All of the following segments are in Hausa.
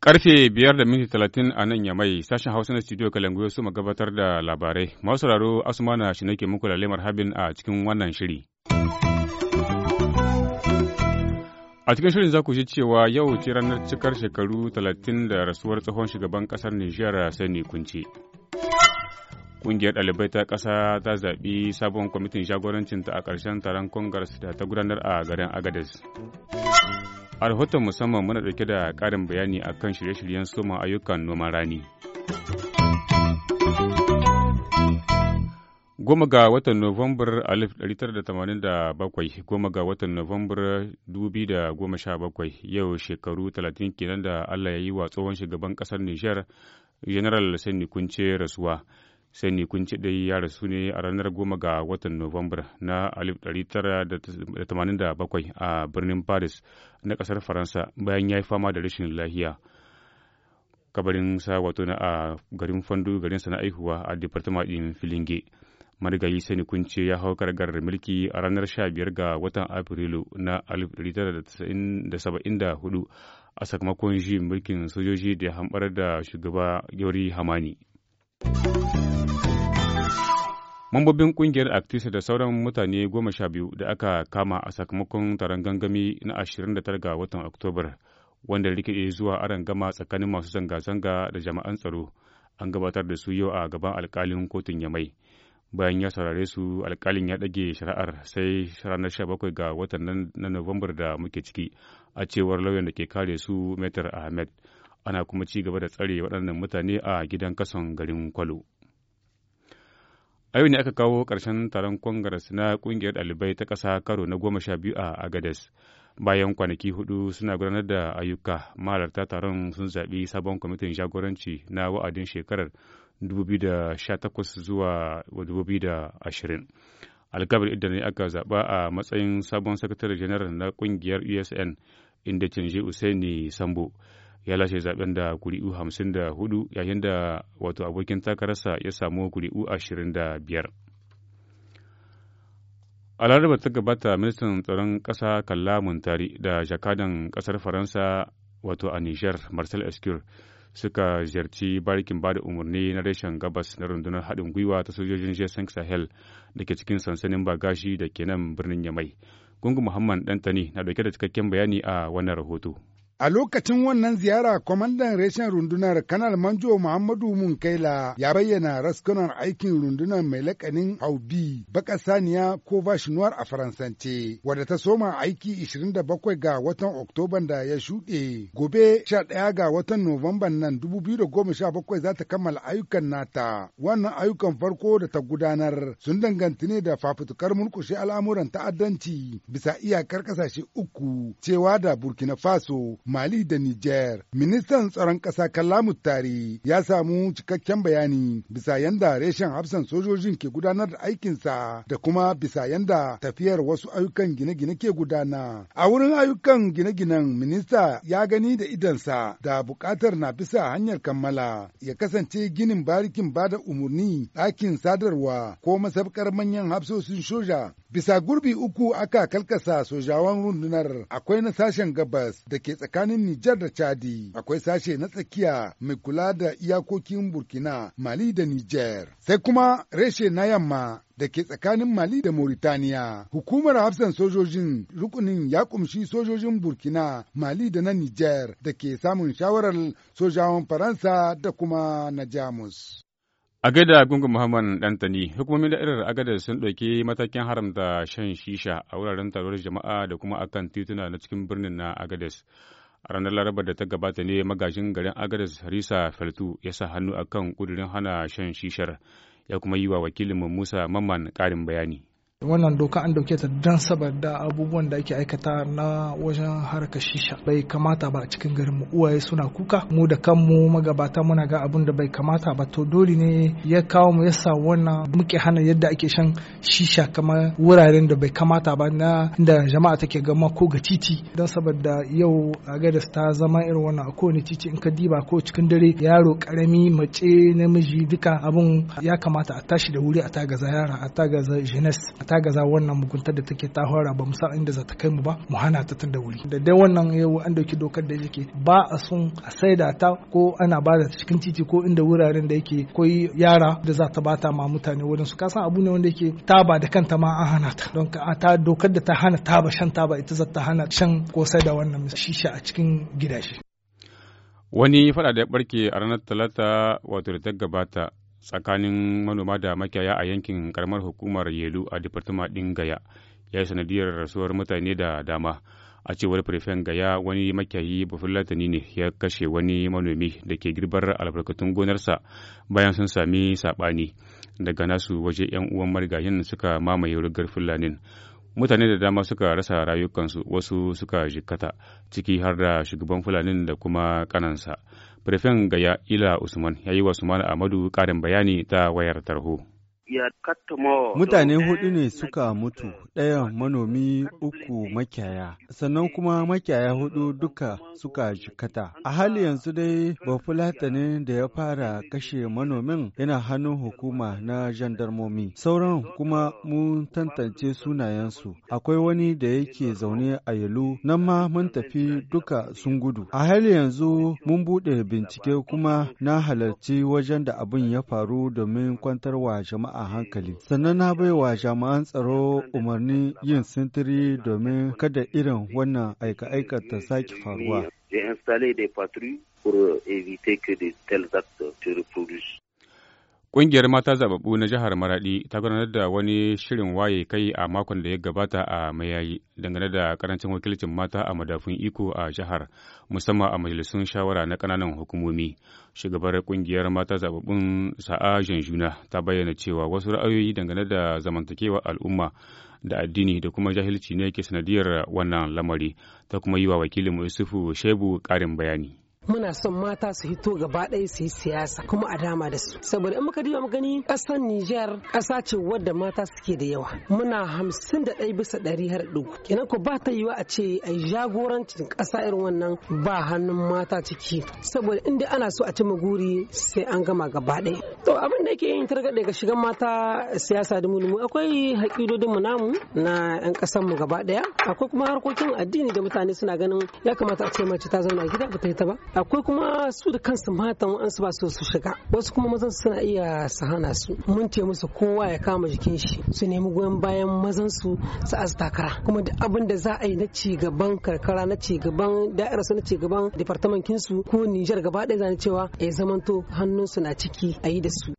Karfe biyar da minti talatin a nan yamai sashen Hausa na studio Kalangu ya suma gabatar da labarai. Masu sauraro Asumana shi nake muku lemar habin a cikin wannan shiri. A cikin shirin za ku ji cewa yau ce ranar cikar shekaru talatin da rasuwar tsohon shugaban kasar Nijar Sani Kunce. Ƙungiyar ɗalibai ta ƙasa ta zaɓi sabon kwamitin jagorancinta a ƙarshen taron Congress da ta gudanar a garin Agadez. A rahoton musamman muna ɗauke da ƙarin bayani akan shirye-shiryen soma ayyukan noman rani. goma ga watan Nuwambar 1987 goma ga watan Nuwambar 2017 yau shekaru 30 kenan da Allah ya yi wa tsohon shugaban ƙasar niger General Sani Kunce rasuwa. sani kun ce dai ya rasu ne a ranar goma ga watan nuwambar na 1987 a birnin paris na kasar faransa bayan ya yi fama da rashin lahiya kabarin sa wato na a garin fandu garin sana aihuwa a departama ɗin filinge marigayi sani kun ce ya hau kargar mulki a ranar 15 ga watan afrilu na 1974 a sakamakon shi mulkin sojoji da ya hambar da shugaba yori hamani. Mambobin kungiyar actisa da sauran mutane goma sha biyu da aka kama a sakamakon taron gangami na 29 ga watan Oktobar, wanda rikide zuwa aron gama tsakanin masu zanga-zanga da jama'an tsaro, an gabatar da su yau a gaban alkalin kotun Yamai. Bayan ya saurare su, alkalin ya ɗage shari'ar sai ranar 17 ga watan na Nuwambar da muke ciki, a cewar lauyan da ke kare su Metar Ahmed. Ana kuma ci gaba da tsare waɗannan mutane a gidan kason garin Kwalo. a yau ne aka kawo ƙarshen taron kwangaras na ƙungiyar ɗalibai ta ƙasa karo na goma sha biyu a agades bayan kwanaki hudu suna gudanar da ayyuka mahalarta taron sun zaɓi sabon kwamitin jagoranci na wa'adin shekarar 2018 zuwa 2020 alkabar idan ne aka zaɓa a matsayin sabon sakatare janar na ƙungiyar usn inda canje usaini sambo ya lashe zaben da kuri'u hamsin da hudu yayin da wato abokin takararsa ya samu kuri'u ashirin da biyar. A larabar ta gabata ministan tsaron ƙasa Kalla Muntari da jakadan ƙasar Faransa wato a niger Marcel Escure suka ziyarci barikin bada umarni na reshen gabas na rundunar haɗin gwiwa ta sojojin jason sahel da ke cikin sansanin bagashi da ke nan birnin yamai gungun muhammad ɗantani na dauke da cikakken bayani a wannan rahoto A lokacin wannan ziyara, kwamandan reshen rundunar Kanal Manjo Muhammadu Munkaila ya bayyana raskunan aikin rundunar mai lakanin Haubi baka saniya ko bashinuwar a Faransance, wadda ta soma aiki 27 ga watan Oktoban da ya shuɗe. Gobe 11 ga watan Nuwamban nan 2017 za ta kammala ayyukan nata. Wannan ayyukan farko da ta gudanar sun danganti ne da fafutukar murkushe al'amuran ta'addanci bisa iyakar ƙasashe uku cewa da Burkina Faso Mali da Nijar. Ministan tsaron ƙasa Kalamu Tari ya samu cikakken bayani bisa yanda reshen hafsan sojojin ke gudanar da aikinsa da kuma bisa yanda tafiyar wasu ayyukan gine-gine ke gudana. A wurin ayyukan gine-ginen minista ya gani da idansa da buƙatar na bisa hanyar kammala ya kasance ginin barikin bada umarni ɗakin sadarwa ko masabkar manyan hafsoshin soja Bisa gurbi uku aka kalkasa sojawan rundunar akwai na sashen gabas da ke tsakanin Nijar da Chadi, akwai sashe na tsakiya mai kula da iyakokin Burkina, Mali da Nijar, sai kuma reshe na yamma da ke tsakanin Mali da Mauritaniya. Hukumar hafsan sojojin rukunin ya kumshi sojojin Burkina, Mali da na Nijar da ke samun shawarar sojawan Faransa da kuma na Jamus. A gungun Muhammad Dantani, hukumomin da'irar agadar sun ɗauki matakin haramta shan shisha a wuraren taruwar jama'a da kuma akan tituna na cikin birnin na agades A ranar Laraba da ta gabata ne magajin garin agades Risa Feltu ya sa hannu akan kudirin hana shan shishar, ya kuma yi wa wakilinmu Musa Mamman ƙarin bayani. wannan doka an dauke ta don saboda abubuwan da ake aikata na wajen harkar shisha bai kamata ba a cikin garin mu uwaye suna kuka mu da kanmu magabata muna ga abun da bai kamata ba to dole ne ya kawo mu yasa wannan muke hana yadda ake shan shisha kamar wuraren da bai kamata ba na da jama'a take gama ko ga titi don saboda yau agadas ta zama irin wannan a kowane titi in ka diba ko cikin dare yaro karami mace namiji duka abun ya kamata a tashi da wuri a tagaza yara a tagaza jeunesse gaza wannan muguntar da take ta hora ba mu san inda za ta kai mu ba mu hana ta tun da wuri da dai wannan yau an dauki dokar da yake ba a sun a saida ta ko ana ba da cikin titi ko inda wuraren da yake ko yara da za ta bata ma mutane wurin su kasan abu ne wanda yake ba da kanta ma an hana ta don ta dokar da ta hana taba shan taba ita za ta hana shan ko saida wannan shisha a cikin gidaje wani fada da ya barke a ranar talata wato da ta gabata tsakanin manoma da makiyaya a yankin karamar hukumar yelu a departama ɗin gaya ya yi sanadiyar rasuwar mutane da dama a cewar prefen gaya wani makiyayi bafulatani ne ya kashe wani manomi da ke girbar albarkatun gonarsa bayan sun sami saɓani daga nasu waje 'yan uwan marigayin suka mamaye rugar fulanin mutane da dama suka rasa rayukansu wasu suka jikkata ciki har da shugaban fulanin da kuma kanansa Prefen Gaya Ila Usman ya yi wa Suman Amadu ƙarin bayani ta wayar tarho. Mutane hudu ne suka mutu, ɗaya manomi uku makiyaya, sannan kuma makiyaya hudu duka suka jikata. A hali yanzu dai ne da ya fara kashe manomin yana hannun hukuma na jandarmomi. Sauran kuma mun tantance sunayensu. Akwai wani da yake zaune a Yalu, nan ma mun tafi duka sun gudu. A hali yanzu mun buɗe bincike kuma na halarci wajen da abin ya faru domin kwantar wa jama'a hankali. Sannan na baiwa jami'an tsaro umarnin yin sintiri domin kada irin wannan aika-aika ta sake faruwa. Ƙungiyar mata zababbu na jihar Maraɗi ta gudanar da wani shirin waye kai a makon da ya gabata a mayayi dangane da karancin wakilcin mata a madafun iko a jihar musamman a majalisun shawara na ƙananan hukumomi. Shugabar ƙungiyar mata zaɓaɓɓun sa'a janjuna ta bayyana cewa wasu ra'ayoyi dangane da zamantakewar al'umma da addini da kuma jahilci ne ke sanadiyar wannan lamari ta kuma yi wa wakilin Yusufu Shebu ƙarin bayani. muna son mata su hito gaba ɗaya su yi siyasa kuma a dama da su saboda in muka duba mu gani ƙasar Nijar ƙasa ce wadda mata suke da yawa muna hamsin da ɗaya bisa ɗari har ɗugu kenan ko ba ta yiwa a ce a jagorancin ƙasa irin wannan ba hannun mata ciki saboda inda ana so a ci guri sai an gama gaba ɗaya to abin da yake yin targaɗe ga shigan mata siyasa da mulmu akwai haƙidodin mu namu na ƴan ƙasar mu gaba ɗaya akwai kuma harkokin addini da mutane suna ganin ya kamata a ce mace ta zauna gida ba ta yi ta ba akwai kuma su da kansu matan an su ba su su shiga wasu kuma mazan suna iya su hana su mun ce musu kowa ya kama jikin shi su nemi goyon bayan mazan su su azu takara kuma da abin da za a yi na ci gaban karkara na ci gaban da'ira su na ci gaban departamentin su ko Nijar gaba ɗaya zan cewa ya eh, zamanto hannun su na ciki a yi da su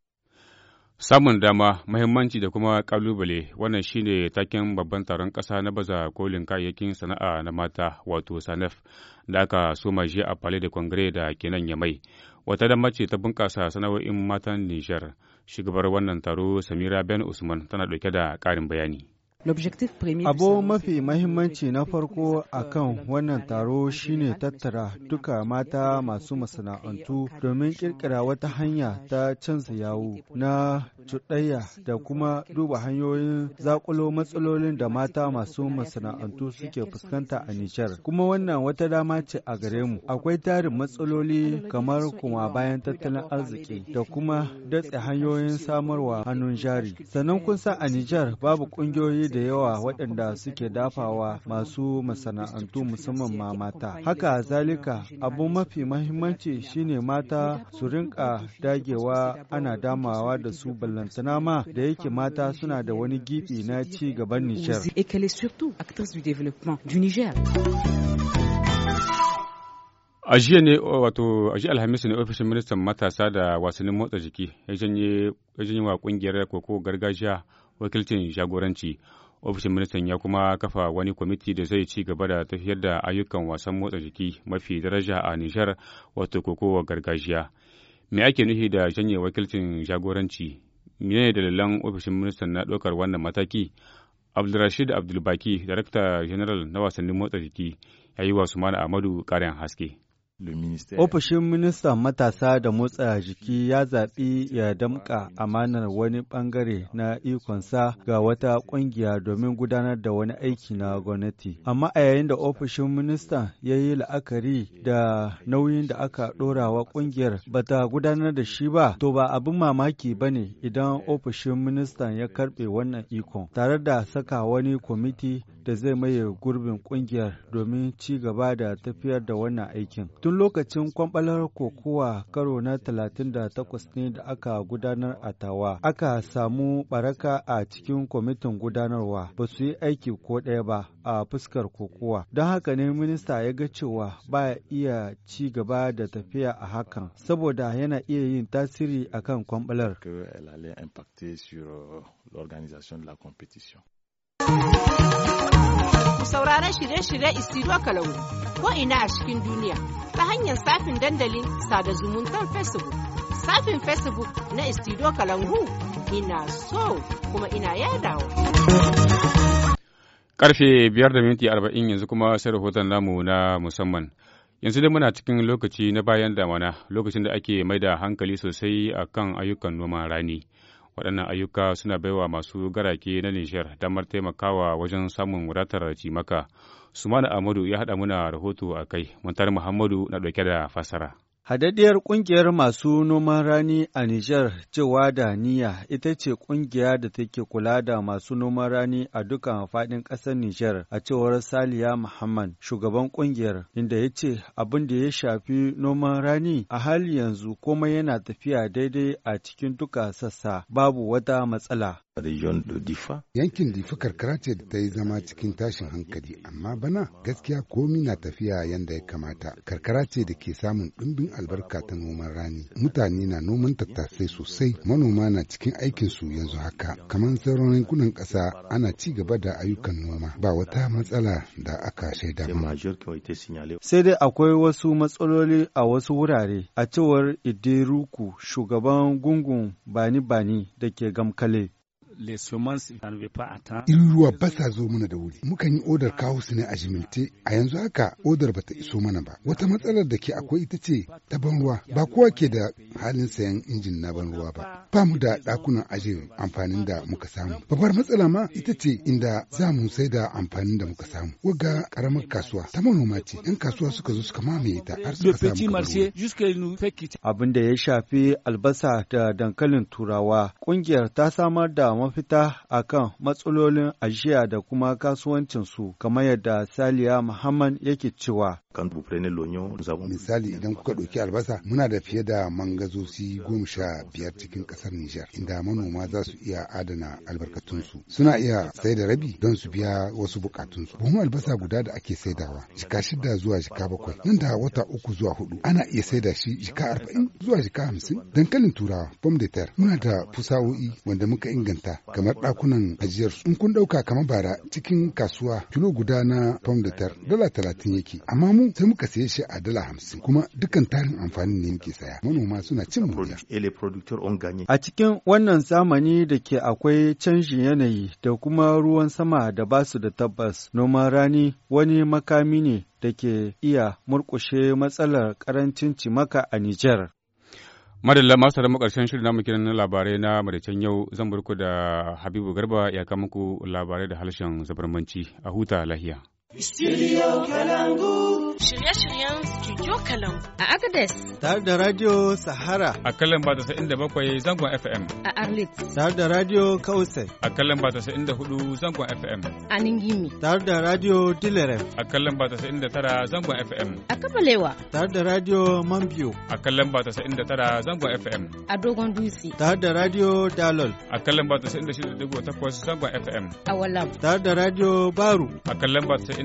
Samun dama, mahimmanci da kuma kalubale wannan shine taken babban taron ƙasa na baza kolin kayayyakin sana'a na mata wato sanef da aka soma shi a Palais de Congrès da kenan Yamai. Wata dama ce ta bunƙasa sana'o'in matan Nijar. Shugabar wannan taro Samira Ben Usman tana ɗauke da ƙarin bayani. Abu mafi mahimmanci na farko a euh, kan wannan taro shine tattara duka mata masu masana'antu domin kirkira wata hanya ta canza yawo na cuɗayya da kuma duba hanyoyin zakulo matsalolin da mata masu masana'antu suke fuskanta a Nijar. Kuma wannan wata dama ce a gare mu. Akwai tarin matsaloli kamar kuma bayan tattalin arziki da kuma datse hanyoyin samarwa hannun jari. Sannan kun sa a Nijar babu ƙungiyoyi da yawa waɗanda suke dafawa masu masana'antu musamman ma mata. Haka zalika abu mafi mahimmanci shine mata su rinka dagewa ana damawa da su bala lantana ma da yake mata suna da wani gibi na ci gaban Nijar. A jiya ne wato a Alhamis ne ofishin ministan matasa da wasannin motsa jiki ya janye wa kungiyar koko gargajiya wakilcin jagoranci. Ofishin ministan ya kuma kafa wani kwamiti da zai ci gaba da tafiyar da ayyukan wasan motsa jiki mafi daraja a Nijar wato koko gargajiya. Me ake nufi da janye wakilcin jagoranci menene dalilan ofishin ministan na ɗaukar wannan mataki abdulrashid abdulbaki darakta general na wasannin motsa jiki ya yi wa sumana amadu ƙarin haske Ofishin ministan matasa da motsa jiki ya zaɓi ya damƙa amanar wani ɓangare na ikonsa ga wata ƙungiya domin gudanar da wani aiki na gwamnati. Amma a yayin da ofishin ministan ya yi la'akari da nauyin da aka ɗora wa ƙungiyar ba ta gudanar da shi ba, to ba abin mamaki ba ne idan ofishin ministan ya karɓe wannan ikon, tare da saka wani kwamiti da zai maye gurbin ƙungiyar domin ci gaba da tafiyar da wannan aikin. Tun lokacin kwamɓalar kokowa karo na 38 ne da aka gudanar a tawa, aka samu baraka a cikin kwamitin gudanarwa ba su yi aiki ko ɗaya ba a fuskar kokowa. Don haka ne minista ya ga cewa ba iya ci gaba da tafiya a hakan, saboda yana iya yin tasiri akan kwamɓalar. Euh, l'organisation de la compétition. ku sauraron shirye-shirye Isiro Kalau ko ina a cikin duniya ta hanyar safin dandalin sada zumuntar Facebook. Safin Facebook na Isiro Kalangu ina so kuma ina yadawa. Karfe 5.40 yanzu kuma sai rahoton namu na musamman. Yanzu dai muna cikin lokaci na bayan damana lokacin da ake mai da hankali sosai a kan ayyukan noman rani. waɗannan ayyuka suna baiwa masu garake na nishar damar taimakawa wajen samun wadatar cimaka sumana amadu ya haɗa muna rahoto a kai muntar muhammadu na ɗauke da fasara Hadaddiyar ƙungiyar masu noman rani a Nijar cewa da niyya ita ce ƙungiya da take kula da masu noman rani a duka faɗin ƙasar Nijar a cewar Saliya Muhammad shugaban ƙungiyar inda ya ce abin da ya shafi noman rani a hali yanzu komai yana tafiya daidai a cikin duka sassa babu wata matsala. Yankin Difa karkara ce da ta yi zama cikin tashin hankali, amma bana gaskiya komi na tafiya yadda ya kamata. Karkara ce da ke samun ɗumbin albarka ta noman rani. Mutane na noman tattasai sosai, manoma na cikin aikinsu yanzu haka. Kamar sauran yankunan ƙasa ana ci gaba da ayyukan noma, ba wata matsala da aka shaida Sai dai akwai wasu matsaloli a wasu wurare, a cewar Idiruku, shugaban gungun Bani Bani da ke Gamkale. Iruruwa ba sa zo mana da wuri. Mukan yi odar kawo su ne a jimince, a yanzu haka odar ba ta iso mana ba. Wata matsalar da ke akwai ita ce ta ban ruwa. Ba kowa ke da halin sayan injin na ban ruwa ba. Ba mu da ɗakunan ajiye amfanin da muka samu. Babbar matsala ma ita ce inda za mu sai da amfanin da muka samu. Wagga karamar kasuwa ta manoma ce. ‘Yan kasuwa suka zo suka mamaye ta har suka samu Abin da ya shafi albasa da dankalin turawa, ƙungiyar ta samar da mafita a kan matsalolin ajiya da kuma kasuwancinsu kamar yadda Saliya Muhammad yake cewa kan Misali idan kuka ɗauki albasa muna da fiye da mangazosi goma sha biyar cikin kasar Nijar inda manoma za su iya adana albarkatunsu. Suna iya sai da rabi don su biya wasu bukatunsu. Buhun albasa guda da ake saidawa jika shida zuwa jika bakwai nan da wata uku zuwa hudu ana iya saida shi jika arba'in zuwa jika hamsin. Dankalin turawa pom de terre muna da fusawo'i wanda muka inganta kamar ɗakunan ajiyarsu. In kun ɗauka kamar bara cikin kasuwa kilo guda na pom de terre dala talatin yake amma mu sai muka saye shi a dala hamsin kuma dukkan tarin amfanin ne muke saya manoma suna cin moriya. A cikin wannan zamani da ke akwai canjin yanayi da kuma ruwan sama da basu da tabbas noma rani wani makami ne da ke iya murkushe matsalar karancin cimaka a Nijar. Madalla masu da makarshen shirin namu kiran labarai na maraicen yau zan burku da Habibu Garba ya kama muku labarai da harshen zabarmanci a huta lahiya. Studio Kalangu. Shirye-shiryen Studio Kalangu. A Agadez. Tare da Radio Sahara. A kalan ba inda bakwai zangon FM. A Arlit. Tare da Radio Kausai. A kalan ba inda hudu zangon FM. A Ningimi. Tare da Radio Dilerem. A kalan ba inda tara zangon FM. A Kabalewa. Tare da Radio Mambiyo. A kalan ba inda tara zangon FM. A Dogon Dutse. Tare da Radio Dalol. A kalan ba da inda shida digo takwas zangon FM. A Walam. Tare da Radio Baru. A kalan ba da.